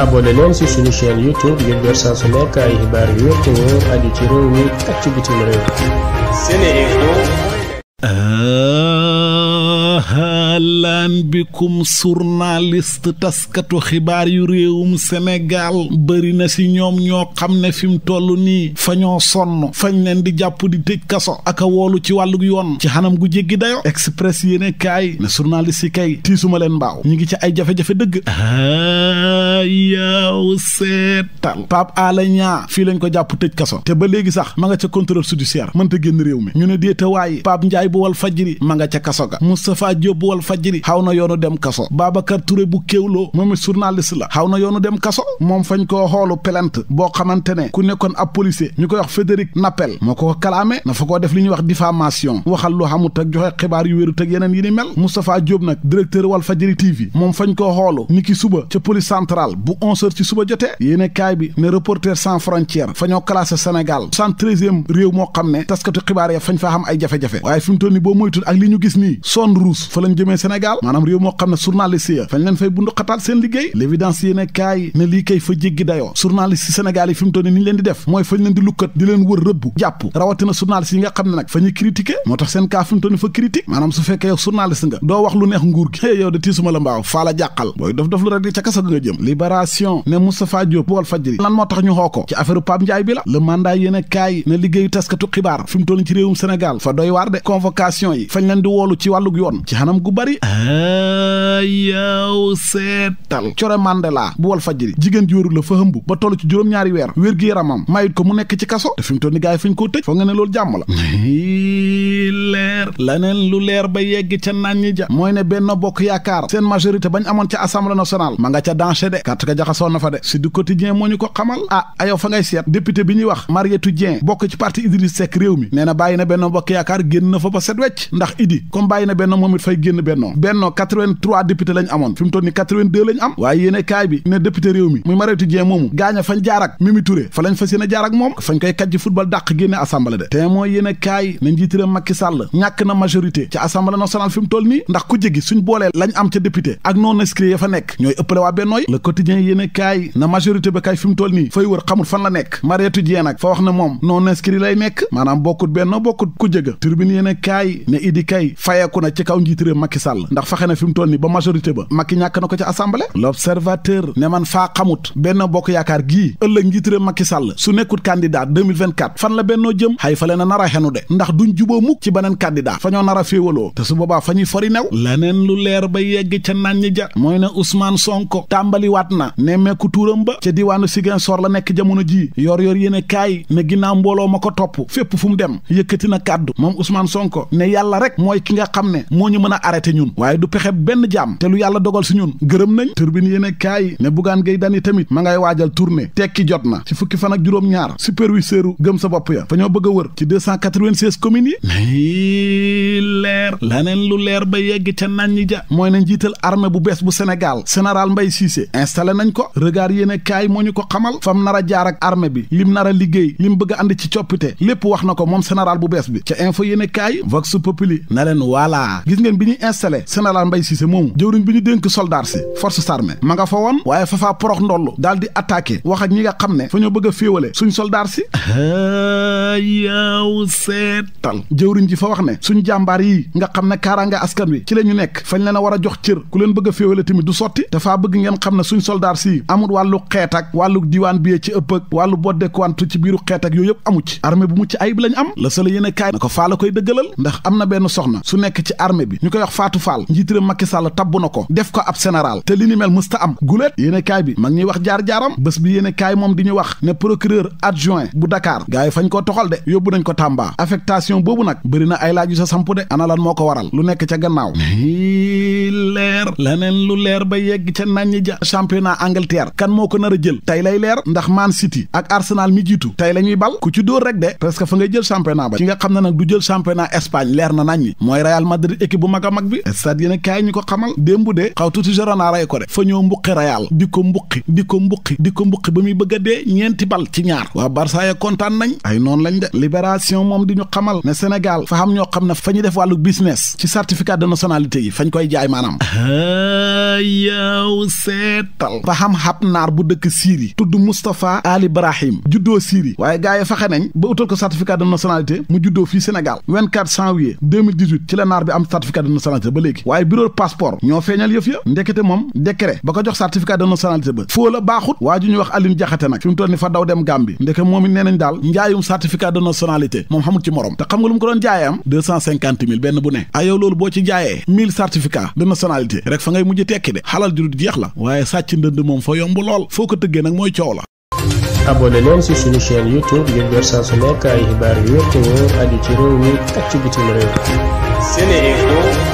abonné leen ci suñu YouTube ngir jot saa su nekk ay xibaar yu wér te wóor aju ci réew ahlan bikum journaliste taskatu xibaar yu réewum Sénégal bëri na si ñoom ñoo xam ne fi mu toll nii fañoo sonn fañ leen di jàpp di tëj kaso ak a woolu ci wàllu yoon ci xanam gu jéggi dayo express yéene kaay ne journaliste yi kay tiisuma leen mbaaw ñu ngi ci ay jafe-jafe dëgg a yaw seetal Pape Alé Niang fii lañ ko jàpp tëj kaso te ba léegi sax ma nga ca contrôle judiciaire mënta génn réew mi ñu ne déeta waaye Pape Ndiaye bu wal fajiri ma nga ca kaso Walfadjri xaw na yoonu dem kaso Babacar Touré bu kéwloo moom it journaliste la xaw na yoonu dem kaso moom fañ koo xoolu plainte boo xamante ne ku nekkoon ab policier ñu koy wax Frédéric Napel moo ko ko kalaame na fa koo def li ñuy wax diffamation waxal lu xamut ak joxe xibaar yu wéru teg yeneen yi ni mel Moustapha Diop nag directeur Walfadjri TV moom fañ koo xoolu ni ki suba ca police centrale bu onze ci suba jotee yéene kaay bi ne Reporters sans frontières fa ñoo classé Sénégal moo xam ne taskatu xibaar ya fañ faa ay jafe-jafe waaye fi mu toll Sénégal maanaam réew moo xam ne journaliste ya fañ leen fay bundu xataal seen liggéey l'évidence yéen kaay ne lii kay fa jéggi dayoo journaliste yi Sénégal yi fi mu nii leen di def mooy fañ leen di lukkat di leen wër rëbb jàpp rawatina journaliste yi nga xam ne nag fa ñuy moo tax seen kaa fi mu toll nii fa critique maanaam su fekkee yow journaliste nga doo wax lu neex nguur gi yow de tiisuma la mbaaw faa jàqal booy dof dof lu rek di ca kasa moo tax ñu ko ci affaire Pape Ndiaye bi la le mandat yéen leen di woolu ci wàllug yoon bari ayaw seetal Coro Mandela bu wal fajri jigéen ji wéru la fa hëmb ba toll ci juróom-ñaari weer wér gi yaramam mayit ko mu nekk ci kaso te fi mu toll ni gaa fi ñu koo tëj foo nga ne loolu jàmm la leer laneen lu leer ba yegg ca naan ñi ja mooy ne benn bokk yaakaar seen majorité bañ amoon ca assemblée nationale ma nga ca danger de carte ka jaxasoo na fa de si du quotidien moo ñu ko xamal ah ayow fa ngay seet député bi ñuy wax Mariétou Dieng bokk ci parti Idriss Seck mi nee na ba set wecc ndax idi comme bennoo bennoo 83 député lañ amoon fi mu toll ni 82 lañ am waaye yéene kaay réew mi muy Mariétou Dieng moomu gaañ a fañ Mimi Touré fa lañ fas yéene jaar ak moom fañ koy kàjj football dàq génne assemblée de te mooy kaay ne njiitëra Macky Sall ñàkk na majorité ci assemblée nationale fi mu toll nii ndax ku jégi suñ boolee lañ am ca député ak non inscrits ya fa nekk ñooy ëppale waa bennooy le quotidien yéene kaay na majorité ba kaay fi mu nii fay wër xamul fan la nekk Mariétou moom non inscrits lay nekk maanaam bokkut bennoo ku jëga turbine yéene kaay ne idi kay Macky Sall ndax fexe na fi mu ni ba majorité ba Macky ñàkk na ko ci assemblée l'observateur ne man faa xamut benn bokk yaakaar gii ëllëg njiitu réew Macky su nekkut candidat fan la bennoo jëm xay fa leen a nar a xenu de ndax duñ juboo mukk ci beneen candidat fa ñoo nar a féewaloo te su boobaa fa fori new leneen lu leer ba yegg ca nàññi ja mooy ne Ousmane Sonko tàmbaliwaat na ne mekku tuuram ba ca diwaanu Ziguinchor la nekk jamono ji yor yor yéene kaay ma ko topp fépp fu mu dem yëkkati na a te ñun waaye du pexe benn jaam te lu yàlla dogal si ñun gërëm nañ turbine yéene kaay ne Bougane Gueye Dany tamit ma ngay waajal tournée tekki jot na ci fukki fan ak juróom-ñaar superviseuru gëm sa bopp ya fa ñoo bëgg wër ci 296 yi mais leer laneen lu leer ba yegg ca nañ ja mooy ne njiital armée bu bees bu Sénégal général Mbaye Cissé installé nañ ko regard yéene kaay moo ñu ko xamal fam nara a jaar ak armée bi lim nar a liggéey lim bëgg a ànd ci coppite lépp wax na ko moom général bu bees bi installé général Mbaye Cissé moomu jëwriñ bi ñu dénk soldaar si forces armées ma nga fa woon waaye fafaa porox ndoll daal di attaqué wax ak ñi nga xam ne fa ñoo bëgg a féewale suñ soldaar si yaaw seetal jëwriñ ji fa wax ne suñ jàmbaar yi nga xam ne kaaraangaa askan wi ci la ñu nekk fañ leen war a jox cër ku leen bëgg a féewale tamit du sotti dafa bëgg ngeen xam ne suñ soldaar si amul wàllu xeet wàllu diiwaan bi ci ëpp ak wàllu boddekuwantu ci biiru xeet yooyu yëpp amu ci armée bu mucc ayib lañ am la sala yéen a ko faa la koy dëggalal ndax am na benn soxna su nekk ci armée Fatou Fall njiitëram Macky Sall tabbu na ko def ko ab général te li ni mel mësta am guléet yéene bi mag ñuy wax jaar-jaaram bés bi yéene moom di ñu wax ne procureur adjoint bu Dakar gars fañ ko toxal de yóbbu nañ ko Tamba affectation boobu nag bëri na ay laaj yu sa samp de ana moo ko waral lu nekk ca gannaaw leer leneen lu leer ba yegg ca nañ ja championnat Angleterre kan moo ko nar a jël tey lay leer ndax Man City ak Arsenal mi jiitu tey la ñuy bal ku ci dóor rek de presque fa ngay jël championnat ba ci nga xam ne nag du jël championnat Espagne leer na nañ ñi mooy Real Madrid équipe bu mag a mag bi stade yéen kaay ñu ko xamal démb de xaw tuuti Girona ray ko de fa ñoo mbuqi Real di ko mbuqi di ko mbuqi di ko mbuqi ba muy bëgg a dee ñeenti bal ci ñaar waa Barça ya kontaan nañ ay noonu lañ de Libération moom di ñu xamal ne Sénégal fa xam ñoo xam ne fa ñu def wàllu business ci certificat de nationalité yi fañ koy jaay maanaam yow seetal fa xam xab naar bu dëkk Syrie tudd Moustapha Ali Brahim juddoo Syrie waaye gars yi faxe nañ ba utal ko certificat de nationalité mu juddoo fii Sénégal 24 janvier 2018 ci la naar bi am certificat de nationalité ba léegi waaye bureau passeport ñoo feeñal yëf ya ndekete moom décret ba ko jox certificat de ba foo baaxut waa wax Aline Jaxate nag fi mu toll ni fa daw dem Gambie ndeke moom it nee nañ daal njaayum certificat de mujje fa ngay mujj tekki de xalal ju dul jeex la waaye sàcc ndënd moom fa yomb lool foo ko tëggee nag mooy coow la abonné leen ci suñu chaîne youtube ngir door saa su nekk ay xibaar yu wér te wóor aju ci réew mi ak ci bitim réew